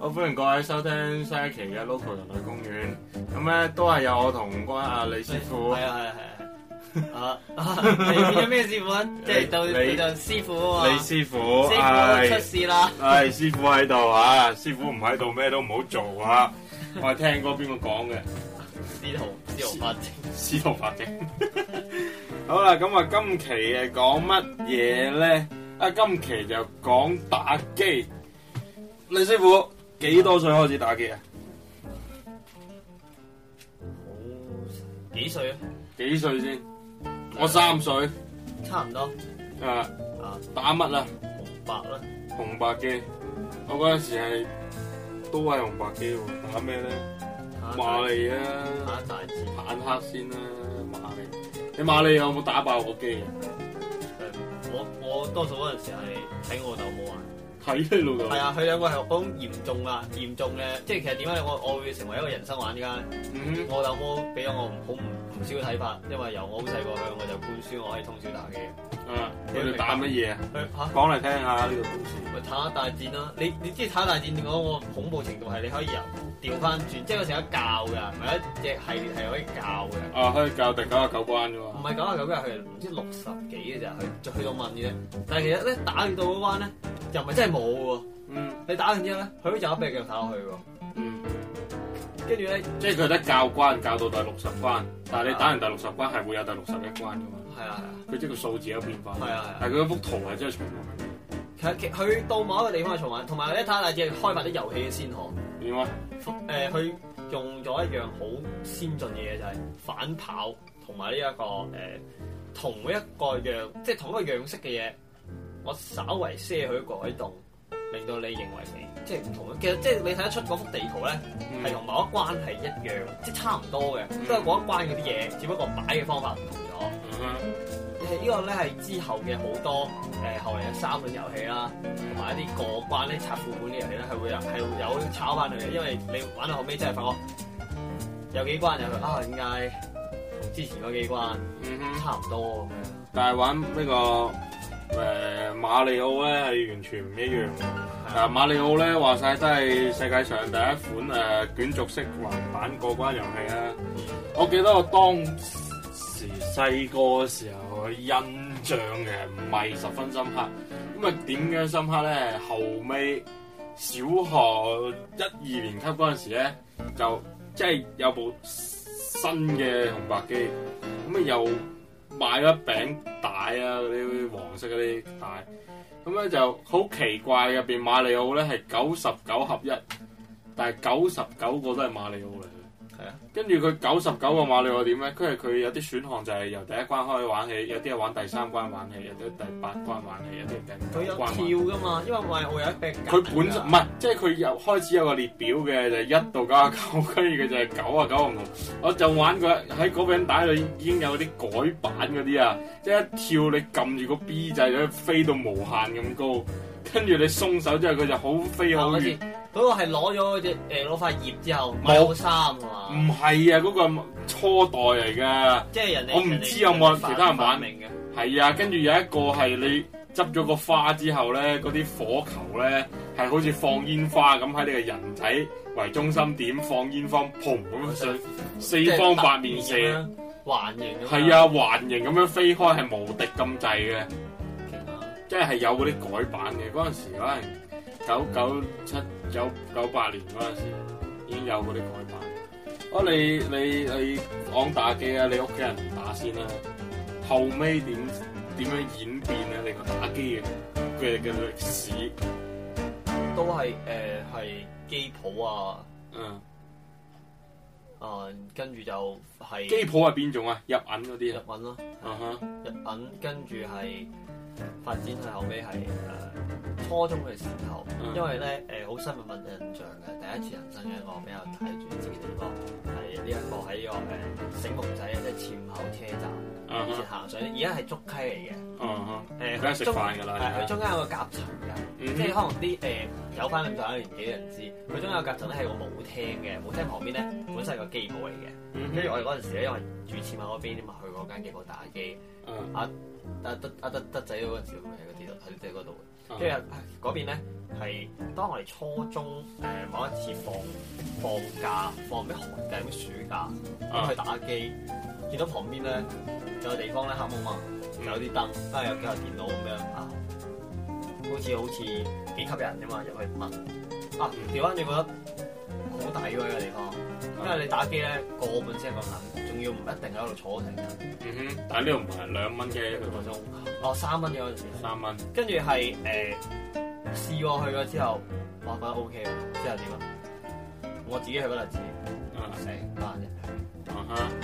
好歡迎各位收聽新一期嘅 Local 人類公園，咁、嗯、咧都係有我同關阿李師傅，係啊係啊係啊， 啊，你變咗咩師傅啊？即係到李頓師傅，李師傅、 哎，師傅出事啦，係師傅喺度啊，師傅唔喺度咩都唔好做啊，我係聽過邊個講嘅，司徒司徒法正，司徒法正， 好啦，咁啊今期嘅講乜嘢咧？啊今期就講打，打機。李師傅幾多歲開始打機啊？好，幾歲啊？幾歲先？嗯、我三歲。差唔多。嗯、啊。啊？彈彈有有打乜啊？紅白啦。紅白機，我嗰陣時係都係紅白機喎。打咩咧？馬利啊。打大字。坦克先啦，馬利，你馬利有冇打爆過機啊？我我多數嗰陣時係睇我老豆玩。係啊，佢兩個係好嚴重啊，嚴重咧，即係其實點解我我會成為一個人生玩家？我老母俾咗我唔好唔唔少嘅睇法，因為由我好細個向我就灌輸我可以通宵打機。嗯，佢哋打乜嘢啊？講嚟 ikle ikle、啊、聽下呢個灌輸。坦克大戰啦，你你知坦克大戰嗰個恐怖程度係你可以由調翻轉，即係佢成日教㗎，唔係一隻系列係可以教嘅。啊，可以教第九啊九關啫喎。唔係九啊九關，係唔知六十幾嘅啫，去去到問嘅。但係其實咧，打完到嗰關咧，又唔係真係冇喎。嗯。你打完之後咧，佢都有一批繼續打落去喎。嗯。跟住咧，即係佢得教關教到第六十關，但係你打完第六十關係會有第六十一關㗎嘛？係啊係啊。佢即係個數字有變化。係啊係啊。啊啊，但係佢幅圖係真係重複其實去到某一個地方去重玩，同埋你睇下，只係開發啲遊戲嘅先河。點、呃、啊？誒，佢用咗一樣好先進嘅嘢，就係、是、反跑，同埋呢一個誒、呃、同一個樣，即係同一個樣式嘅嘢。我稍微些許改動，令到你認為你即係唔同。其實即係你睇得出嗰幅地圖咧，係同、嗯、某一關係一樣，即係差唔多嘅，都係嗰一關嗰啲嘢，只不過擺嘅方法唔同咗。嗯嗯。個呢個咧係之後嘅好多誒、呃、後嚟嘅三款遊戲啦，同埋一啲過關咧拆副本嘅遊戲咧，係會係有炒翻嚟嘅，因為你玩到後尾真係發覺有幾關有啊，點解同之前嗰幾關差唔多？嗯、哼但係玩、這個呃、呢個誒馬里奧咧係完全唔一樣。嗱、嗯啊、馬里奧咧話晒都係世界上第一款誒、呃、卷軸式橫版過關遊戲啦。我記得我當時細個嘅時候。印象嘅唔係十分深刻，咁啊點樣深刻咧？後尾小學一二年級嗰陣時咧，就即係、就是、有部新嘅紅白機，咁啊又買咗一餅帶啊嗰啲黃色嗰啲帶，咁咧就好奇怪入邊馬里奧咧係九十九合一，但係九十九個都係馬里奧嚟。跟住佢九十九個馬你話點咧？跟住佢有啲選項就係由第一關開始玩起，有啲係玩第三關玩起，有啲第八關玩起，有啲第九關。佢有跳噶嘛？玩起。因為我我有一柄。佢本身唔係，即係佢由開始有個列表嘅，就係、是、一到九啊九，跟住佢就係九啊九唔我就玩過喺嗰餅帶度已經有啲改版嗰啲啊，即係一跳你撳住個 B 掣，佢飛到無限咁高，跟住你鬆手之後佢就好飛好遠。好嗰個係攞咗隻誒攞塊葉之後有買個衫啊嘛？唔係啊，嗰、嗰個初代嚟嘅，即係人哋我唔知有冇其他人玩明嘅。係啊，跟住有一個係你執咗個花之後咧，嗰啲火球咧係好似放煙花咁喺你嘅人體為中心點放煙花，砰咁樣上是四方八面射環形。係啊，環形咁樣飛開係無敵咁滯嘅，實即係有嗰啲改版嘅嗰陣時可能九九七。嗯九九八年嗰陣時已經有嗰啲改版，我你你你講打機啊，你屋企人唔打先啦。後屘點點樣演變呢、呃、啊？你個打機嘅嘅嘅歷史都係誒係機譜啊，嗯啊跟住就係機譜係邊種啊？入銀嗰啲啊？入銀咯，啊哈、uh，入銀、huh. 跟住係。發展係後尾，係、呃、誒初中嘅時候，因為咧誒好深刻嘅印象嘅，第一次人生嘅一個比較大轉折嘅地方，係呢一個喺、這個誒醒目仔即係前口車站，uh huh. 以前行上，而家係竹溪嚟嘅。嗯佢，uh huh. 呃、中間食飯㗎啦，佢、啊、中間有個夾層嘅，即係、uh huh. 可能啲誒、呃、有翻咁大嘅年紀嘅人知，佢，uh huh. 中間有夾層咧係個舞廳嘅，舞廳旁邊咧本身係個機鋪嚟嘅，跟住、uh huh. 我哋嗰陣時咧因為住前口嗰邊，咁啊去嗰間機鋪打機。嗯、uh。Huh. Uh huh. 阿德阿德德仔嗰陣時喺嗰啲度喺啲嗰度，即係嗰邊咧係當我哋初中誒、呃、某一次放放假放咩寒假咩暑假，咁、嗯、去打機，見到旁邊咧有地方咧黑冇嘛，嗯、有啲燈，跟住有幾台電腦咁樣啊，好似好似幾吸引㗎嘛，入去問啊，調翻你覺得。你打機咧過半先係咁行，仲要唔一定喺度坐停成嗯哼，但係呢度唔係兩蚊嘅一個鐘，哦三蚊嘅嗰陣時。三蚊。跟住係誒試過去咗之後，我覺得 O K 喎。之後點啊？我自己去嗰陣時，成八日。班嗯哼，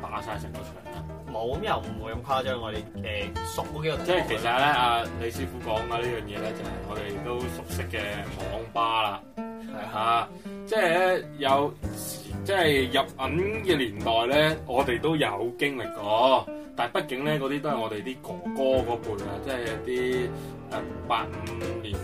打晒成個場冇咁又唔會咁誇張我哋，誒、呃、熟嗰幾個即是。即係其實咧，阿李師傅講嘅呢樣嘢咧，就係我哋都熟悉嘅網吧啦。吓，即係咧有，即係入銀嘅年代咧，我哋都有經歷過。但係畢竟咧，嗰啲都係我哋啲哥哥嗰輩啊，即係啲誒八五年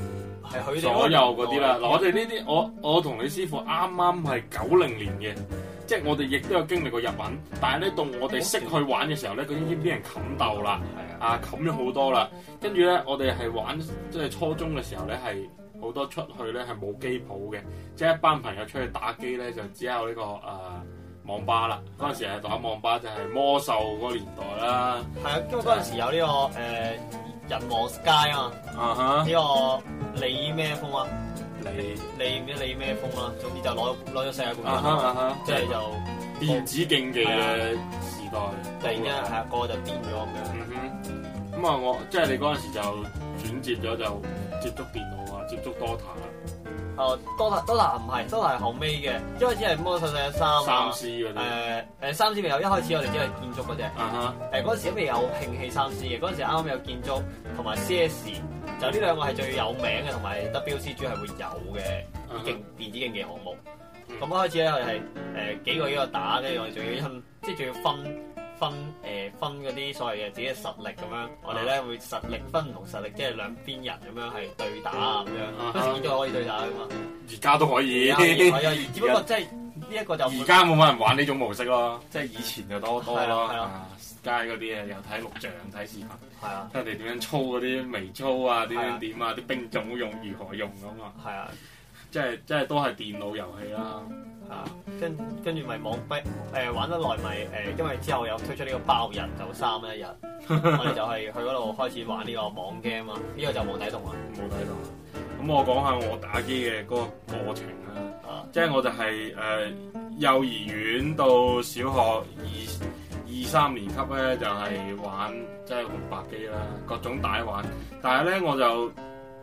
左右嗰啲啦。嗱，我哋呢啲，我我同你師傅啱啱係九零年嘅，即係我哋亦都有經歷過入銀。但係咧，到我哋識去玩嘅時候咧，佢已經俾人冚斗啦，係啊，冚咗好多啦。跟住咧，我哋係玩即係初中嘅時候咧係。好多出去咧係冇機鋪嘅，即係一班朋友出去打機咧就只有呢、這個誒、呃、網吧啦。嗰陣時係打網吧，就係魔獸個年代啦。係啊，因為嗰陣時有呢個誒人皇 Sky 啊，啊呢個李咩風啊？李李咩李咩風啊？總之就攞攞咗世界冠軍。即係就電子競技嘅時代。Uh huh. 突然間係啊、uh，嗰個就變咗咁樣。嗯咁啊，我即係、就是、你嗰陣時就轉接咗就接觸電腦。接觸 DOTA，哦 DOTA，DOTA 唔係 DOTA 後尾嘅、呃，一開始係魔獸嘅三，三 C 嗰啲，誒誒三 C 然後一開始我哋只係建築嗰、那、只、個，誒嗰、uh huh. 呃、時都未有興起三 C 嘅，嗰時啱啱有建築同埋 CS，就呢、uh huh. 兩個係最有名嘅同埋 WCG 係會有嘅競電子競技項目，咁、uh huh. 一開始咧我哋係誒幾個幾個打嘅，我哋仲要即係仲要分。Uh huh. 分誒，分嗰啲所謂嘅自己嘅實力咁樣，我哋咧會實力分唔同實力，即係兩邊人咁樣係對打啊咁樣，以前都可以對打噶嘛，而家都可以，係啊，而只不過即係呢一個就而家冇乜人玩呢種模式咯，即係以前就多多咯，街嗰啲啊又睇錄像睇視頻，係啊，睇人哋點樣操嗰啲微操啊，點樣點啊，啲兵種好用如何用咁啊，係啊，即係即係都係電腦遊戲啦。啊，跟跟住咪網吧，誒、呃、玩得耐咪誒，因為之後又推出呢個包日就三一日， 我哋就係去嗰度開始玩呢個網 game 啊，呢、這個就冇底洞啊，冇底洞咁、啊、我講下我打機嘅嗰個過程啦，啊，即係、啊、我就係、是、誒、呃、幼兒園到小學二二三年級咧就係、是、玩即係、就是、紅白機啦，各種大玩，但係咧我就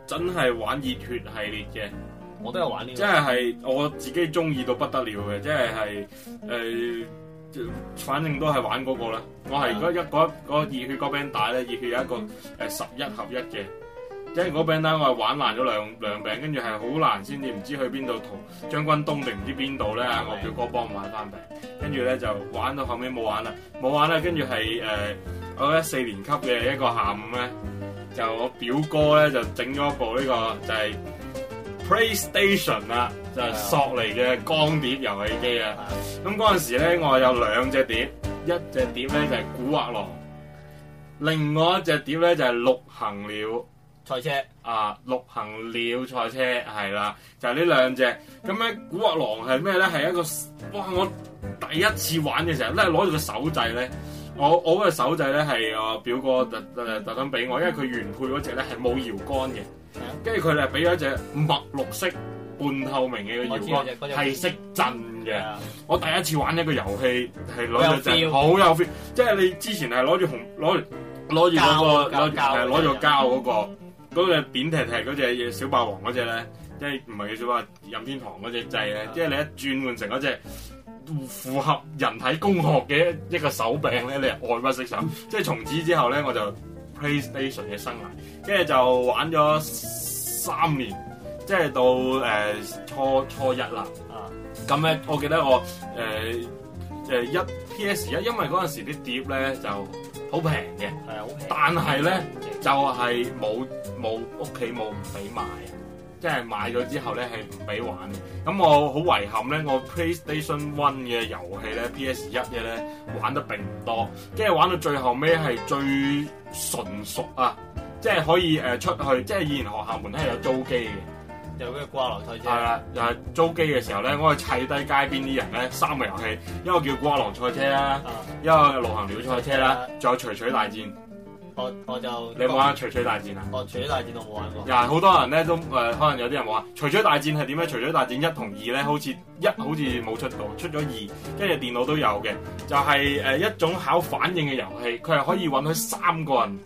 真係玩熱血系列嘅。我都有玩呢、這個，即係係我自己中意到不得了嘅，即係係誒，呃、反正都係玩嗰個啦。嗯、我係嗰一嗰嗰熱血嗰餅帶咧，熱血有一個誒十一合一嘅。嗯、即係嗰餅帶我係玩爛咗兩兩餅，跟住係好難先至唔知去邊度同將軍東定唔知邊度咧。嗯、我表哥幫我玩翻餅，跟住咧就玩到後尾冇玩啦，冇玩啦。跟住係誒，我覺得四年級嘅一個下午咧，就我表哥咧就整咗一部呢個、這個、就係、是。PlayStation 啊，Play Station, 就係索尼嘅光碟遊戲機啊吓，咁嗰陣時咧我有兩隻碟，一隻碟咧就係古惑狼，另外一隻碟咧就係陸行鳥賽車啊，陸行鳥賽車係啦，就係呢兩隻，咁咧 古惑狼係咩咧？係一個哇，我第一次玩嘅時候咧，攞住個手掣咧，我我嗰個手掣咧係我表哥特地特登俾我，因為佢原配嗰隻咧係冇搖杆嘅。跟住佢哋俾咗隻墨綠色半透明嘅搖杆，係識震嘅。我第一次玩呢個遊戲係攞住隻好有 feel，即係你之前係攞住紅攞攞住嗰個攞住、那個膠嗰、那個嗰隻、嗯那個那個、扁踢踢嗰隻嘢小霸王嗰隻咧，即係唔係小霸任天堂嗰隻掣咧，即、就、係、是嗯、你一轉換成一隻符合人體工學嘅一個手柄咧，你係愛不釋手。即係從此之後咧，我就。PlayStation 嘅生涯，即係就玩咗三年，即係到誒、呃、初初一啦，啊！咁咧，我記得我誒誒一 PS 一，因為嗰陣時啲碟咧就好平嘅，係啊，好平，但係咧就係冇冇屋企冇唔俾買。即係買咗之後咧係唔俾玩嘅，咁我好遺憾咧，我 PlayStation One 嘅遊戲咧 PS 一嘅咧玩得並唔多，跟住玩到最後尾係最純熟啊！即係可以誒、呃、出去，即係以前學校門口係有租機嘅，有咩瓜廊賽車？係啦，又、就、係、是、租機嘅時候咧，嗯、我係砌低街邊啲人咧三個遊戲，一個叫瓜廊賽車啦，嗯、一個陸、嗯、行鳥賽車啦，仲、嗯、有錘錘大戰。我我就你有冇玩《除除大戰》啊？哦，《除除大戰》都冇玩過。又好多人咧，都誒、呃，可能有啲人冇話《除除大戰》係點咧？《除除大戰》一同二咧，好似一好似冇出到，出咗二，跟住電腦都有嘅，就係、是、誒一種考反應嘅遊戲，佢係可以允許三個人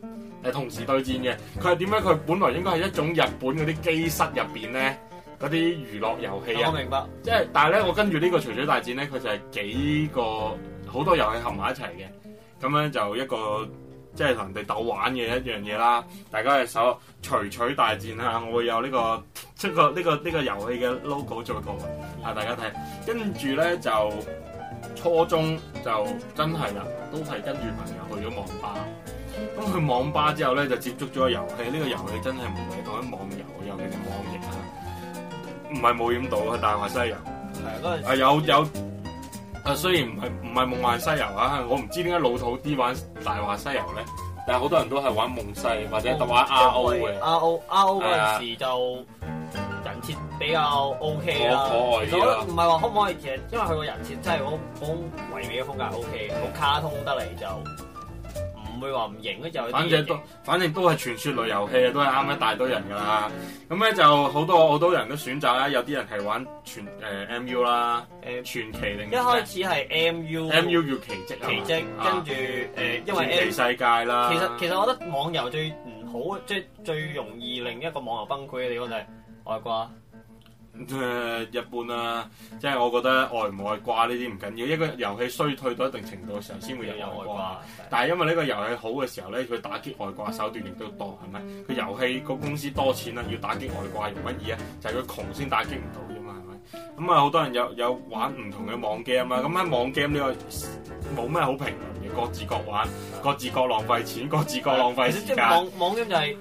誒同時對戰嘅。佢係點咧？佢本來應該係一種日本嗰啲機室入邊咧嗰啲娛樂遊戲啊。我明白，即係但係咧，我跟住呢、這個《除除大戰》咧，佢就係幾個好多遊戲合埋一齊嘅，咁樣就一個。即係同人哋鬥玩嘅一樣嘢啦，大家嘅手錘錘大戰啊！我會有呢個呢個呢個呢個遊戲嘅 logo 做圖啊，大家睇。跟住咧就初中就真係啦，都係跟住朋友去咗網吧。咁去網吧之後咧就接觸咗遊戲，呢個遊戲真係唔係講緊網遊，尤其係網易的啊，唔係冒險島啊，《大話西遊》係啊有有。有啊，雖然唔係唔係夢幻西遊啊，我唔知點解老土啲玩大話西遊咧，但係好多人都係玩夢世，或者玩 R O 嘅，R O R O 嗰陣時就人設比較 O K 啊，我覺得唔係話可唔可以，其實因為佢個人設真係好好唯美嘅風格，O K，好卡通得嚟就。唔會話唔型咯，就反正都，反正都係傳說類遊戲啊，嗯、都係啱一大堆人噶啦。咁咧、嗯、就好多好多人都選擇啦，有啲人係玩傳誒、呃、MU 啦，誒傳、呃、奇定一開始係 MU。MU 叫奇蹟，奇蹟跟住誒，因為傳奇世界啦。其實其實我覺得網遊最唔好，即係最容易令一個網遊崩潰嘅地方就係外掛。誒一般啦、啊，即係我覺得外唔外掛呢啲唔緊要，一個遊戲衰退到一定程度嘅時候先會有外掛。外但係因為呢個遊戲好嘅時候咧，佢打擊外掛手段亦都多，係咪？佢遊戲個公司多錢啦，要打擊外掛容乜易啊？就係、是、佢窮先打擊唔到啫嘛，係咪？咁、嗯、啊，好多人有有玩唔同嘅網 game 啊。咁、嗯、喺網 game 呢個冇咩好評論嘅，各自各玩，是的 各自各浪費錢，各自各浪費、啊。其實即係網 game 就係、是、誒。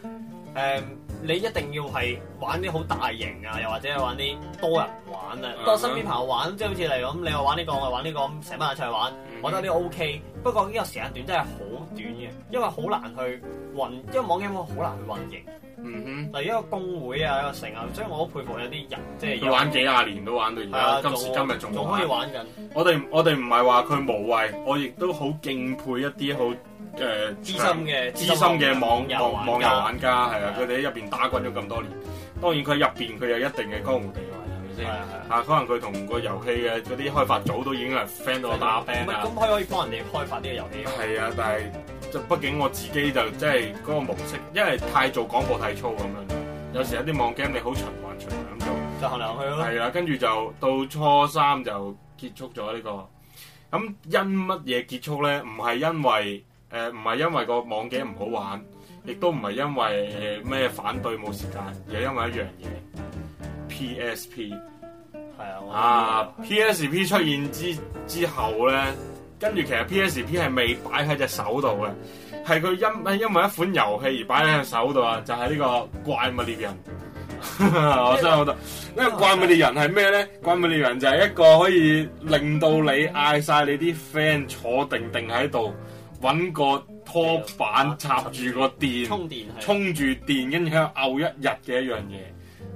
呃你一定要係玩啲好大型啊，又或者玩啲多人玩啊，都、uh huh. 身邊朋友玩，即係好似嚟咁，你又玩呢、呢個，我玩呢、呢個，成班人一齊玩，uh huh. 我覺得啲 O K。不過呢個時間段真係好短嘅，因為好難去運，因為網 game 好難去運營。嗯哼、uh，嗱、huh. 一個公會啊，一個成啊，所以我好佩服有啲人，即係要玩幾廿年都玩到而家，在啊、今時今日仲仲可以玩緊。我哋我哋唔係話佢無謂，我亦都好敬佩一啲好。 誒資深嘅資深嘅網網網遊玩家係啊，佢哋喺入邊打滾咗咁多年，當然佢入邊佢有一定嘅江湖地位，係咪先啊？可能佢同個遊戲嘅嗰啲開發組都已經係 friend 到打 friend 咁，佢可以幫人哋開發啲嘅遊戲。係啊，但係就畢竟我自己就即係嗰個模式，因為太做廣播、太粗咁樣，有時有啲網 game 你好循環循環咁就行嚟行去咯。係啊，跟住就到初三就結束咗呢個咁，因乜嘢結束咧？唔係因為。誒，唔係、呃、因為個網景唔好玩，亦都唔係因為誒咩、呃、反對冇時間，而係因為一樣嘢，PSP 係啊，啊 PSP 出現之之後咧，跟住其實 PSP 係未擺喺隻手度嘅，係佢因係因為一款遊戲而擺喺隻手度啊，就係、是、呢個怪物獵人。 我真係覺得，因為怪物獵人係咩咧？怪物獵人，物人就係、是、一個可以令到你嗌晒你啲 friend 坐定定喺度。揾個拖板的插住個電，充住電，跟住喺度漚一日嘅一樣嘢。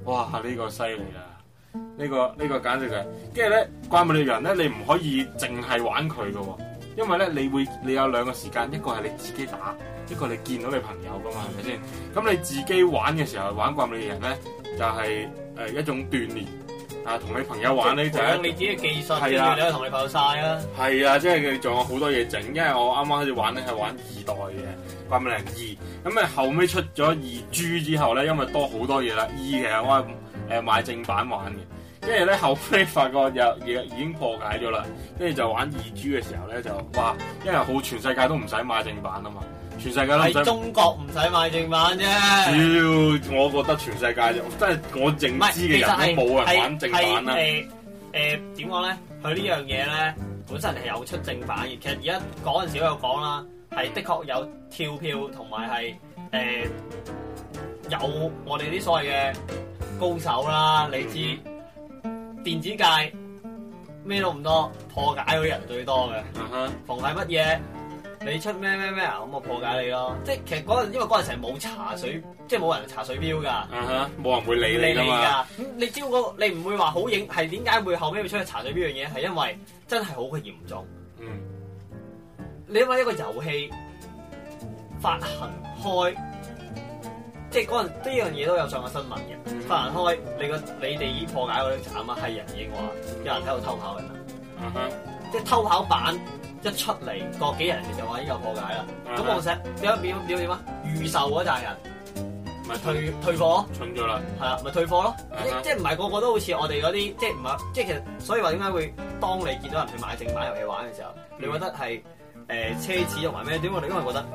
哇！呢、呢個犀利啦，呢的、呢個呢、呢個簡直就係。跟住咧，怪物獵人咧，你唔可以淨係玩佢噶，因為咧你會你有兩個時間，一個係你自己打，一個你見到你朋友噶嘛，係咪先？咁你自己玩嘅時候玩怪物獵人咧，就係、係、誒一種鍛鍊。啊，同你朋友玩呢就，你自己嘅技術，你唔想同你朋友曬啊？係啊，即係仲有好多嘢整，因為我啱啱開始玩呢係玩二代嘅，八百零二，咁啊後尾出咗二 G 之後咧，因為多好多嘢啦。二其實我係誒買正版玩嘅，跟住咧後尾發覺又又,又已經破解咗啦，跟住就玩二 G 嘅時候咧就哇，因為好全世界都唔使買正版啊嘛。全世界都唔使中國唔使買正版啫。主要我覺得全世界就，即係我認知嘅人都冇人玩正版啦。誒點講咧？佢呢樣嘢咧本身係有出正版嘅。其實而家嗰陣時都有講啦，係的確有跳票同埋係誒有我哋啲所謂嘅高手啦。你知電子界咩都唔多破解嘅人最多嘅。凡係乜嘢？你出咩咩咩啊？咁我破解你咯。即係其實嗰、那、陣、個，因為嗰陣成日冇查水，即係冇人查水表噶。冇、uh huh, 人會理會你噶嘛。咁你招、那個，你唔會話好影係點解會後尾要出去查水表樣嘢？係因為真係好嘅嚴重。嗯，你因為一個遊戲發行開，即係嗰陣呢樣嘢都有上過新聞嘅。嗯、發行開，你個你哋已經破解嗰啲賊啊，係人已經話有人喺度偷跑噶。即係偷跑版一出嚟，嗰幾人其實就話已經破解啦。咁我成日點樣點點點啊？預售嗰扎人咪退退貨，蠢咗啦，係啦咪退貨咯。即係唔係個個都好似我哋嗰啲，即係唔係，即係其實所以話點解會當你見到人去買正版遊戲玩嘅時候，你覺得係誒奢，奢侈，同埋咩？點我哋因為覺得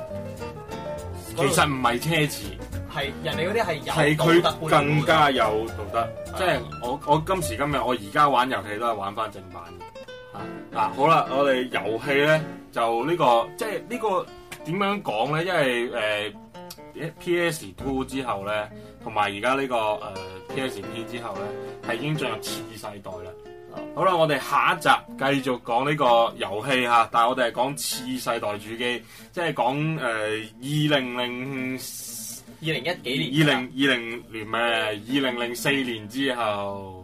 其實唔係奢侈，係人哋嗰啲係有道德，更加有道德。即係我我，我今時今日我而家玩遊戲都係玩翻正版。嗱，好啦，我哋遊戲咧就呢個即係呢個點樣講咧？因為誒，P S Two 之後咧，同埋而家呢個誒 P S P 之後咧，係已經進入次世代啦。好啦，我哋下一集繼續講呢個遊戲吓，但係我哋係講次世代主機，即係講誒二零零二零一幾年、啊二，二零二零年咩？二零零四年之後。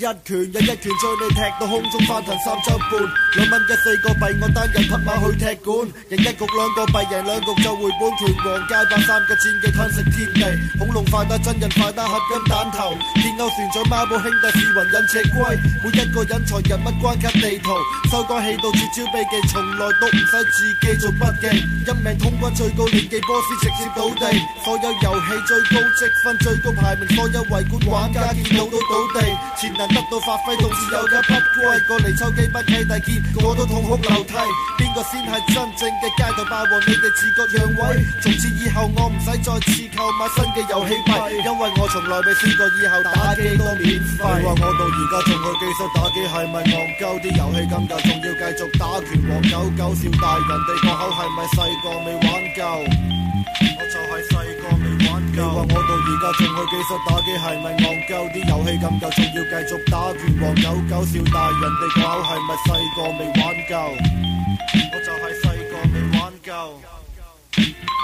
一拳又一拳將你踢到空中翻騰三週半，兩蚊一四個幣，我單人匹馬去踢館。贏一局兩個幣，贏兩局就回本。拳王街霸三國戰記吞食天地，恐龍快打真人快打合金彈頭，劍勾船長貓步兄弟試魂忍赤龜，每一個隱藏人物關卡地圖，收關器到絕招秘技，從來都唔使自己做筆記。一命通關最高連記波斯直接倒地，所有遊戲最高積分最高排名，所有圍觀玩家見到都倒地，前能，得到發揮，有業同時又一不歸。過嚟抽機不啟大劍，結果都痛哭流涕。邊個先係真正嘅街道霸王？你哋自覺讓位。從此以後，我唔使再次購買新嘅遊戲幣，因為我從來未試過以後打機都免費。我到而家仲去機室打機，係咪戇鳩啲遊戲咁舊？仲要繼續打拳王狗搞笑大，大人哋個口係咪細個未玩夠？我就係細個未玩夠。你話我到而家仲去機室打機，係咪戇鳩啲遊戲咁舊？仲要繼續打拳王狗搞笑大，大人哋個口係咪細個未玩夠？我就係細個未玩夠。夠夠夠。